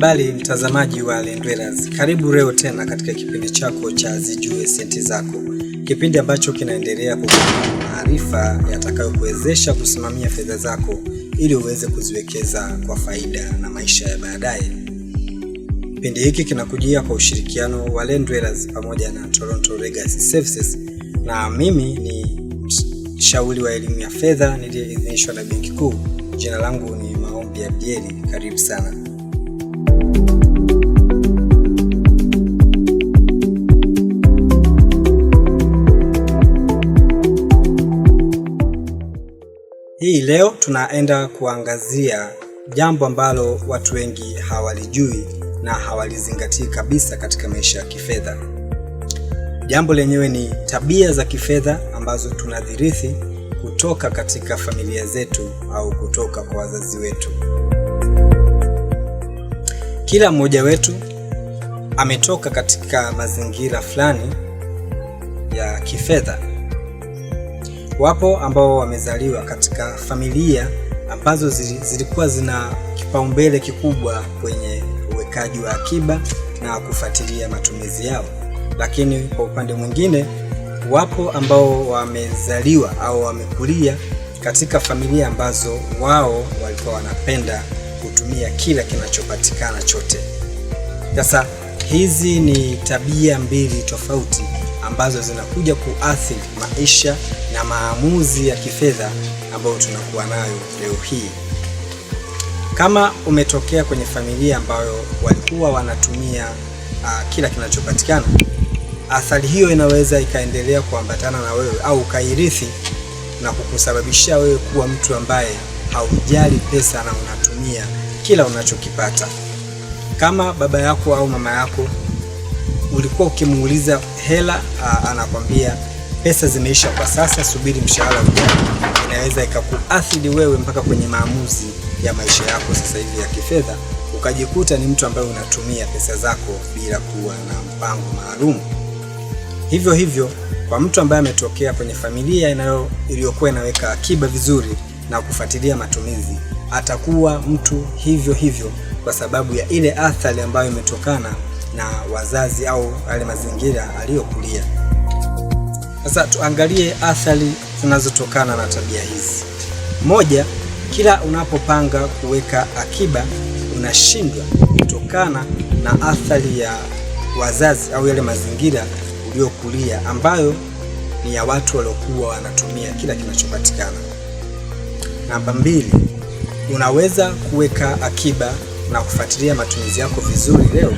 Habari mtazamaji wa Lendwellers, karibu leo tena katika kipindi chako cha Zijue Senti Zako, kipindi ambacho kinaendelea kukupa maarifa yatakayokuwezesha kusimamia fedha zako ili uweze kuziwekeza kwa faida na maisha ya baadaye. Kipindi hiki kinakujia kwa ushirikiano wa Lendwellers pamoja na Toronto Legacy Services, na mimi ni mshauri wa elimu ya fedha niliyeidhinishwa na Benki Kuu. Jina langu ni Maombi Abdieli. Karibu sana. Hii leo tunaenda kuangazia jambo ambalo watu wengi hawalijui na hawalizingatii kabisa katika maisha ya kifedha. Jambo lenyewe ni tabia za kifedha ambazo tunadhirithi kutoka katika familia zetu au kutoka kwa wazazi wetu. Kila mmoja wetu ametoka katika mazingira fulani ya kifedha Wapo ambao wamezaliwa katika familia ambazo zilikuwa zina kipaumbele kikubwa kwenye uwekaji wa akiba na kufuatilia matumizi yao, lakini kwa upande mwingine, wapo ambao wamezaliwa au wamekulia katika familia ambazo wao walikuwa wanapenda kutumia kila kinachopatikana chote. Sasa hizi ni tabia mbili tofauti ambazo zinakuja kuathiri maisha na maamuzi ya kifedha ambayo tunakuwa nayo leo hii. Kama umetokea kwenye familia ambayo walikuwa wanatumia uh, kila kinachopatikana, athari hiyo inaweza ikaendelea kuambatana na wewe au ukairithi na kukusababishia wewe kuwa mtu ambaye haujali pesa na unatumia kila unachokipata. Kama baba yako au mama yako ulikuwa ukimuuliza hela, anakwambia pesa zimeisha kwa sasa, subiri mshahara ujao. Inaweza ikakuathiri wewe mpaka kwenye maamuzi ya maisha yako sasa hivi ya kifedha, ukajikuta ni mtu ambaye unatumia pesa zako bila kuwa na mpango maalum. Hivyo hivyo kwa mtu ambaye ametokea kwenye familia inayo iliyokuwa inaweka akiba vizuri na kufuatilia matumizi, atakuwa mtu hivyo hivyo kwa sababu ya ile athari ambayo imetokana na wazazi au yale mazingira aliyokulia. Sasa tuangalie athari zinazotokana na tabia hizi. Moja, kila unapopanga kuweka akiba unashindwa kutokana na athari ya wazazi au yale mazingira uliokulia ambayo ni ya watu waliokuwa wanatumia kila kinachopatikana. Namba mbili, unaweza kuweka akiba na kufuatilia matumizi yako vizuri leo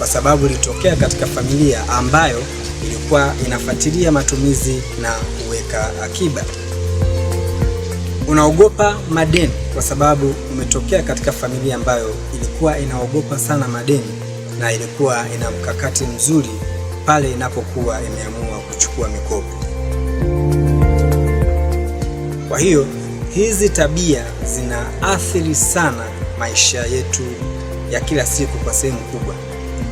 kwa sababu ilitokea katika familia ambayo ilikuwa inafuatilia matumizi na kuweka akiba. Unaogopa madeni kwa sababu umetokea katika familia ambayo ilikuwa inaogopa sana madeni na ilikuwa ina mkakati mzuri pale inapokuwa imeamua kuchukua mikopo. Kwa hiyo hizi tabia zinaathiri sana maisha yetu ya kila siku kwa sehemu kubwa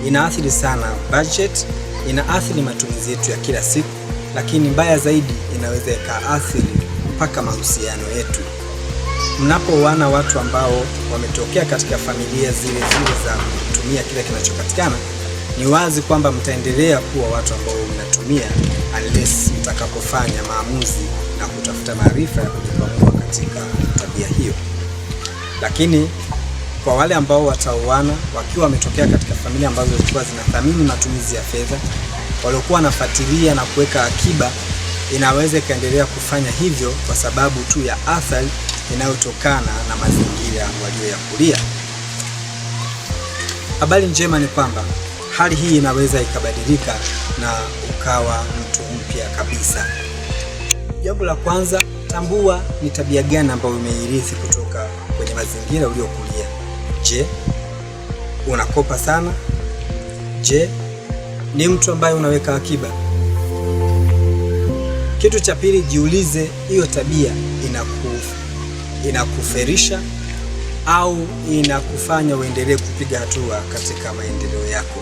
inaathiri sana budget, inaathiri matumizi yetu ya kila siku, lakini mbaya zaidi inaweza ikaathiri mpaka mahusiano yetu. Mnapoana watu ambao wametokea katika familia zile zile za kutumia kile kinachopatikana, ni wazi kwamba mtaendelea kuwa watu ambao mnatumia unless mtakapofanya maamuzi na kutafuta maarifa ya kujikwamua katika tabia hiyo, lakini kwa wale ambao wataoana wakiwa wametokea katika familia ambazo zilikuwa zinathamini matumizi ya fedha, waliokuwa wanafuatilia na kuweka akiba, inaweza ikaendelea kufanya hivyo kwa sababu tu ya athari inayotokana na mazingira kulia Habari njema ni kwamba hali hii inaweza ikabadilika na ukawa mtu mpya kabisa. Jambo la kwanza, tambua ni tabia gani ambayo umeirithi kutoka kwenye mazingira uliokulia. Je, unakopa sana? Je, ni mtu ambaye unaweka akiba? Kitu cha pili, jiulize hiyo tabia inakufa, inakuferisha au inakufanya uendelee kupiga hatua katika maendeleo yako.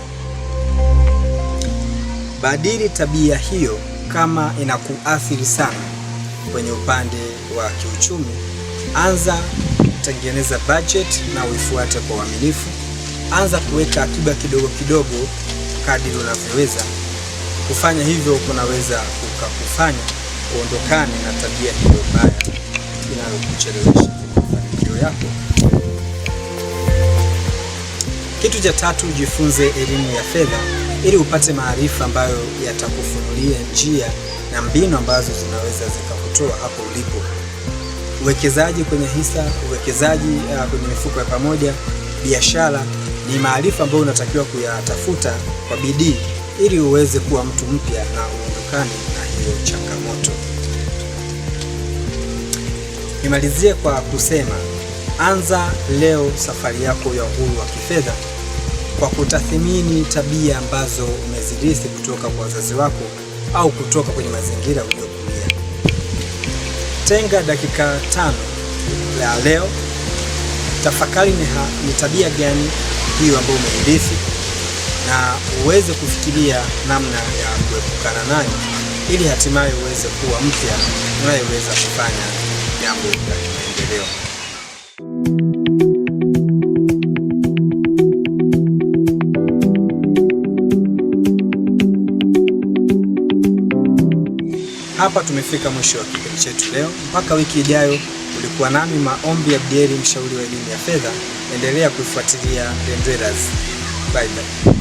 Badili tabia hiyo kama inakuathiri sana kwenye upande wa kiuchumi, anza tengeneza budget na uifuate kwa uaminifu. Anza kuweka akiba kidogo kidogo kadiri unavyoweza. Kufanya hivyo kunaweza kukakufanya uondokane na tabia hiyo mbaya inayokuchelewesha mafanikio yako. Kitu cha tatu, jifunze elimu ya fedha ili upate maarifa ambayo yatakufunulia njia na mbinu ambazo zinaweza zikakutoa hapo ulipo uwekezaji kwenye hisa, uwekezaji uh, kwenye mifuko ya pamoja, biashara ni maarifa ambayo unatakiwa kuyatafuta kwa bidii ili uweze kuwa mtu mpya na uondokane na hiyo changamoto. Nimalizie kwa kusema anza leo safari yako ya uhuru wa kifedha kwa kutathimini tabia ambazo umezirithi kutoka kwa wazazi wako au kutoka kwenye mazingira uliyokulia. Tenga dakika tano la leo, tafakari ni tabia gani hiyo ambayo umeirithi, na uweze kufikiria namna ya kuepukana nayo, ili hatimaye uweze kuwa mpya unayeweza kufanya jambo la kimaendeleo. Hapa tumefika mwisho wa kipindi chetu leo. Mpaka wiki ijayo, ulikuwa nami Maombi Abdieli, mshauri wa elimu ya fedha. Endelea kuifuatilia Lendleaders. Bye bye.